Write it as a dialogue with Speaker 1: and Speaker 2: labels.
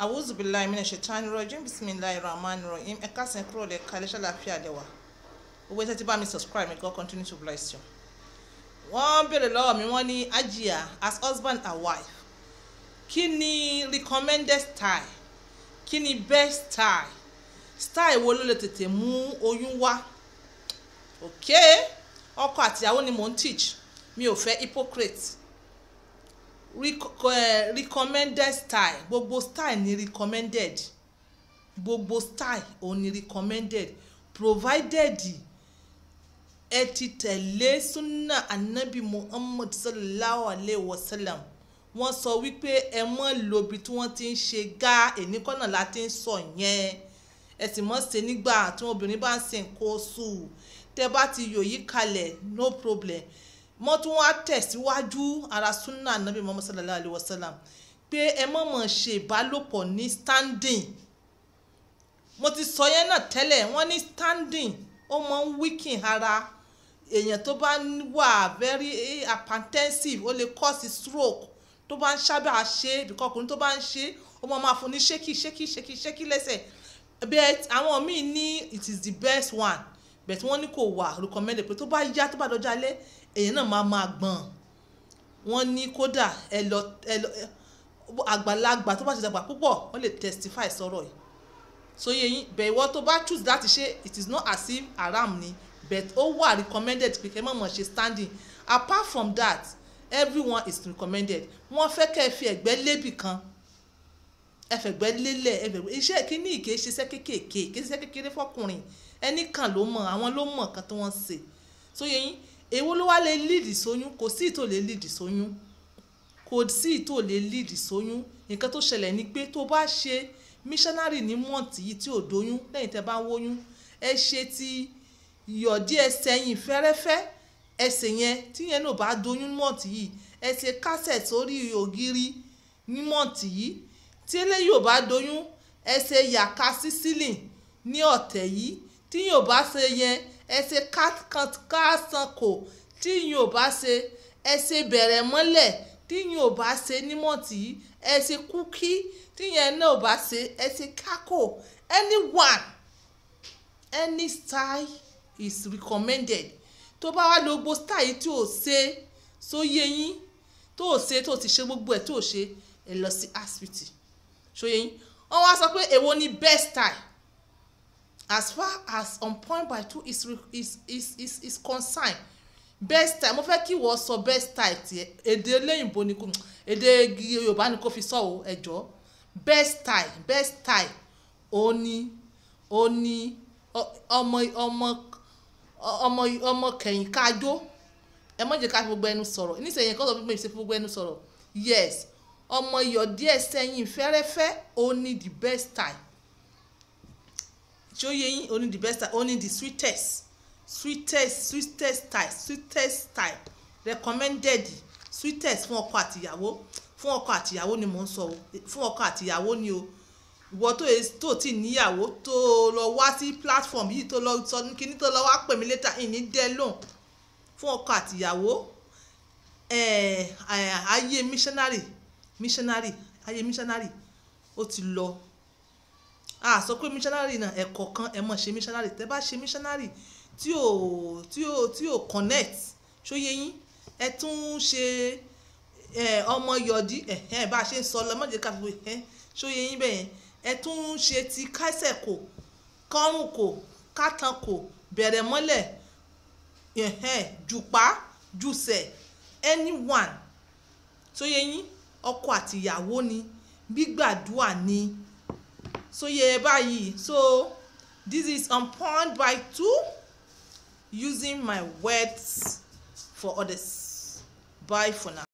Speaker 1: awuzu bilayi mina ṣetani rọjò bisimilayi rahman rahim ẹ káàsán kúrò lẹ ká iléeṣẹ́ láàfin àdẹwà owó iṣẹ́ tí bá mi subscribe may God continue to bless you. wọ́n béèrè lọ́wọ́ mi wọ́n ní ajia as husband and wife kí ni recommended style kí ni best style style wo ló lè tètè mú oyún wá ok ọkọ àtìyàwó ni mò ń teach mi ò fẹ́ hypocrite recommended style gbogbo style ni recommended gbogbo style ò ní recommended provided ẹ ti tẹ̀lé súnà anabi muhammad sallallahu alayhi wa sallam wọ́n sọ wípé ẹ mọ̀ lóbi tí wọ́n ti ń ṣe gá ènìkọ́nà la ti ń sọ yẹn ẹ sì mọ̀ ṣe nígbà tí obìnrin bá ń sin nǹkan oṣù tẹ bá ti yòyí kalẹ̀ no problem mọ́ tún wá tẹ̀síwájú ara sunna anabi muhammad sallallahu alaihi wa sallam pé ẹ mọ̀ mọ̀ ṣe ìbálòpọ̀ ní standing mo ti sọ yẹn náà tẹ́lẹ̀ wọ́n ní standing ó mọ̀ ń weaken ara èèyàn tó bá wà very hypertensive ó lè cause stroke tó bá ń sábà ṣe bíkọ́ ọkùnrin tó bá ń ṣe ó mọ̀ máa fún ní ṣékì ṣékì ṣékì ṣékì lẹ́sẹ̀ bẹ́ẹ̀ àwọn míì ní it is the best one bẹ̀tí wọ́n ní kò wà recommended pé tó bá yá tó bá dọjọ́ alẹ́ èyàn náà máa máa gbọ̀n wọ́n ní kódà ẹ lọ ẹ lọ àgbàlagbà tó bá ti dàgbà púpọ̀ wọ́n lè testify sọ̀rọ̀ yìí so yẹ yín bẹ̀ ìwọ tó bá choose láti ṣe it is not as if haram ni but ó wà recommended pé kẹ́ mọ̀mọ́ ṣe standing apart from that everyone is recommended wọ́n fẹ́ kẹ́ fi ẹ̀gbẹ́ lébì kan ẹfẹ̀gbẹ́ lélẹ̀ ẹfẹ̀gbẹ́ iṣẹ́ kínní ìké ṣiṣẹ́ kéékèèké kì í ṣiṣẹ́ kékeré fọkùnrin ẹnì kan ló mọ̀ àwọn ló mọ̀ kan tó wọ́n ṣe tó yẹ yín èwo ló wá lè líìdì sóyún kò sí ìtò lè líìdì sóyún kò sí ìtò lè líìdì sóyún nǹkan tó ṣẹlẹ̀ ni pé tó bá ṣe missionary ní mọ́ǹtì yìí tí ò dóyún lẹ́yìn tẹ́ bá ń wóyún ẹ ṣe ti yọ̀dí ẹsẹ̀ yìí fẹ́rẹ́fẹ́ ẹsẹ̀ yẹn tíyẹn náà bá dóyún mọ́ǹtì yìí ẹ ṣe kásẹ̀ sórí ògiri ní mọ́ǹtì yìí tí eléyìí ò bá doyún ẹ ṣe yàká sí ní ọ̀tẹ̀ yìí tí yìí ò bá ṣe yẹn ẹ ṣe kásankò tí yìí ò bá ṣe ẹ ṣe bẹ̀rẹ̀ mọ́lẹ̀ tí yìí ò bá ṣe nímọ̀tì yìí ẹ ṣe kúkí tí yẹn náà ò bá ṣe ẹ ṣe kákò anyone any style is recommended tó bá wá lo gbogbo style yìí tí ò ṣe sóyè yín tó ò ṣe tó ti ṣe gbogbo ẹ̀ tó ṣe ẹ lọ sí hospital ṣòyẹyìn wọn wá sọ pé èwo ni best style as far as on point by two is is is is, is concerned best style mo fẹ́ kí wọ́n sọ best style tiẹ̀ èdè eléyìnbó ni kò èdè yorùbá ni kò fi sọ o ẹ̀jọ́ best style best style òní òní ọmọ ọmọ ọmọ ọmọ kẹ̀yìn kájó ẹ má jẹ́ ká fi gbogbo ẹnu sọ̀rọ̀ nísìnyẹn kọ́ sọ fún mi ṣe fún gbogbo ẹnu sọ̀rọ̀ yes ọmọ iyọ̀ díẹ̀ sẹ́yìn fẹ́rẹ́fẹ́ only the best time ṣó yẹ only the best time only the sweetest sweetest sweetest type sweetest type recommended sweetest fún ọkọ àtìyàwó fún ọkọ àtìyàwó ni mò ń sọ o fún ọkọ àtìyàwó ni o ìwọ tó tó ti níyàwó tó lọ wá sí platform yìí tó lọ sọ kíní tó lọ wá pè mí létà ìní dẹ lóhùn fún ọkọ àtìyàwó eh, eh, ayé missionary missionary ayé missionary ó ti lọ a sọ pé missionary náà ẹ̀kọ́ kan ẹ̀ mọ̀ ṣe missionary tẹ́ bá ṣe missionary tí ò tí ò tí ò connect ṣóyé yín ẹ tún ṣe ọmọ yọ̀dí ẹ̀hẹ́n bá a ṣe ń sọ lọ mọ̀jẹ káfíwé ẹ̀hẹ́n ṣóyé yín bẹ́ẹ̀ ẹ tún ṣe ti kásẹ̀ kò kọ́rùn kò kátàn kò bẹ̀rẹ̀ mọ́lẹ̀ ẹ̀hẹ́n jùpá jùsẹ̀ anyone ṣóyé yín ọkọ àtìyàwó ni gbígbàdúà ni so yẹ báyìí so this is unpawned by two using my words for others bye for now.